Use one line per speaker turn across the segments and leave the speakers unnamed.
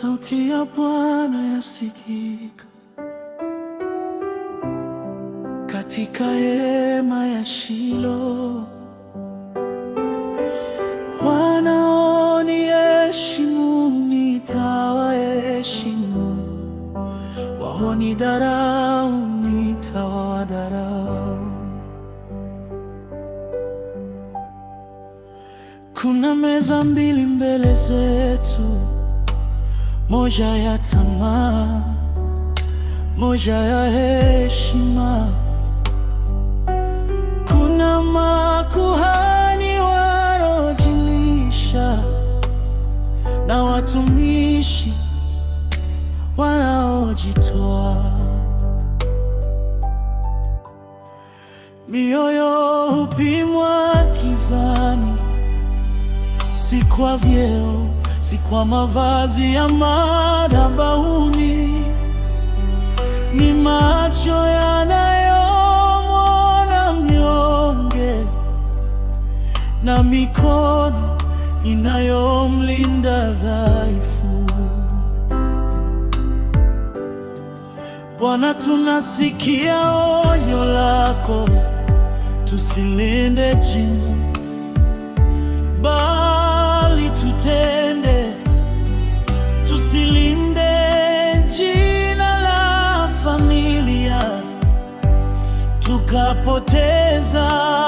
sauti ya Bwana yasikika katika hema ya Shilo, wanaoniheshimu nitawaheshimu, waonidharau nitawadharau. Kuna meza mbili mbele zetu moja ya tamaa, moja ya heshima. Kuna makuhani wanaojilisha na watumishi wanaojitoa, mioyo hupimwa kizani, si kwa vyeo si kwa mavazi ya madhabahuni, ni macho yanayomwona mnyonge na mikono inayomlinda dhaifu. Bwana, tunasikia onyo lako, tusilinde chini bali tute napoteza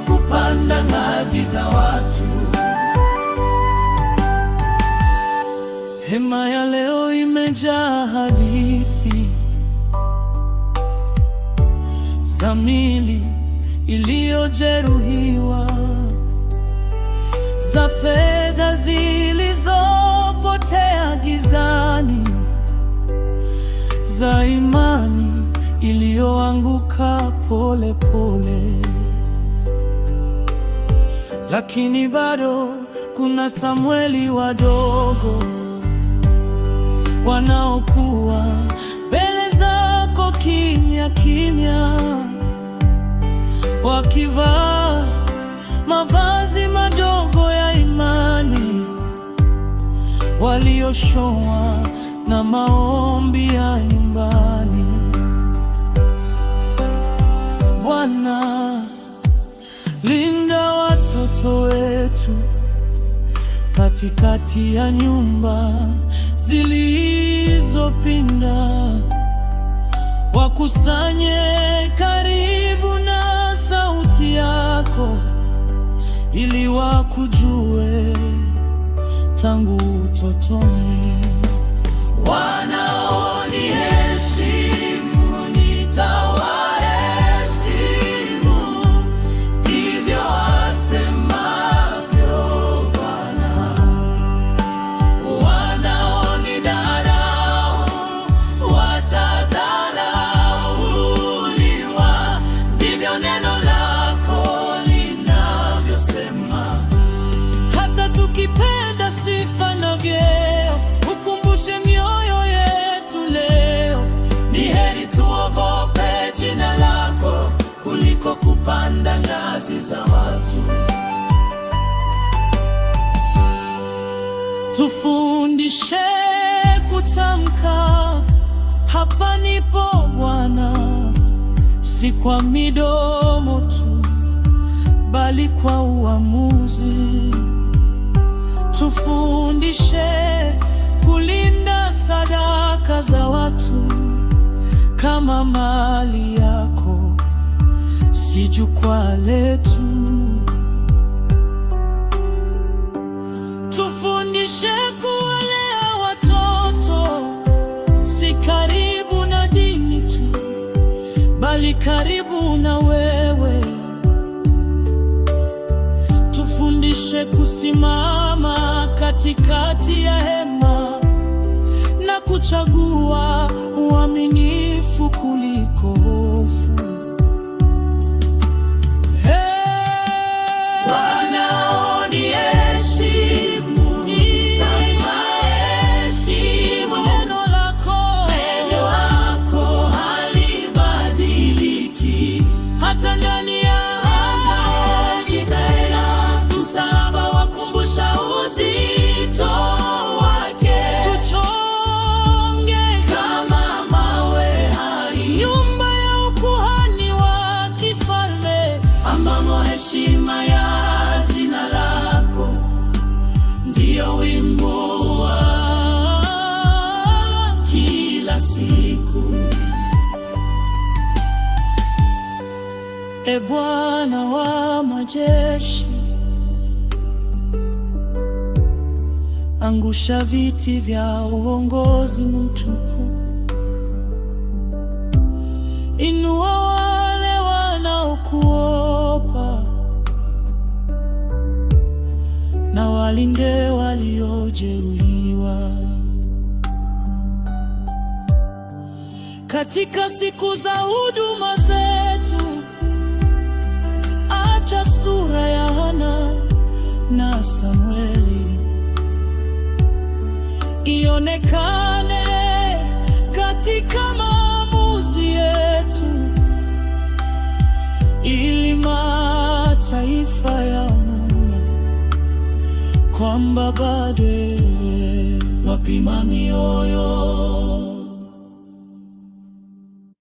kupanda ngazi za watu.
Hema ya leo imejaa hadithi za mili iliyojeruhiwa, za fedha zilizopotea gizani, za imani iliyoanguka polepole lakini bado kuna Samweli wadogo wanaokuwa mbele zako kimya kimya, wakivaa mavazi madogo ya imani, walioshoa na maombi ya nyumbani. zetu katikati ya nyumba zilizopinda, wakusanye karibu na sauti yako, ili wakujue tangu utotoni.
kupanda ngazi za watu.
Tufundishe kutamka hapa nipo Bwana, si kwa midomo tu, bali kwa uamuzi. Tufundishe kulinda sadaka za watu kama mali yako si jukwaa letu. Tufundishe kuwalea watoto si karibu na dini tu, bali karibu na wewe. Tufundishe kusimama katikati ya hema na kuchagua uaminifu E Bwana wa majeshi, angusha viti vya uongozi mtupu, inua wale wanaokuopa na walinde waliojeruhiwa. Katika siku za huduma zetu Acha sura ya Hana na Samueli ionekane katika maamuzi yetu, ili mataifa yaone kwamba bado
wapima mioyo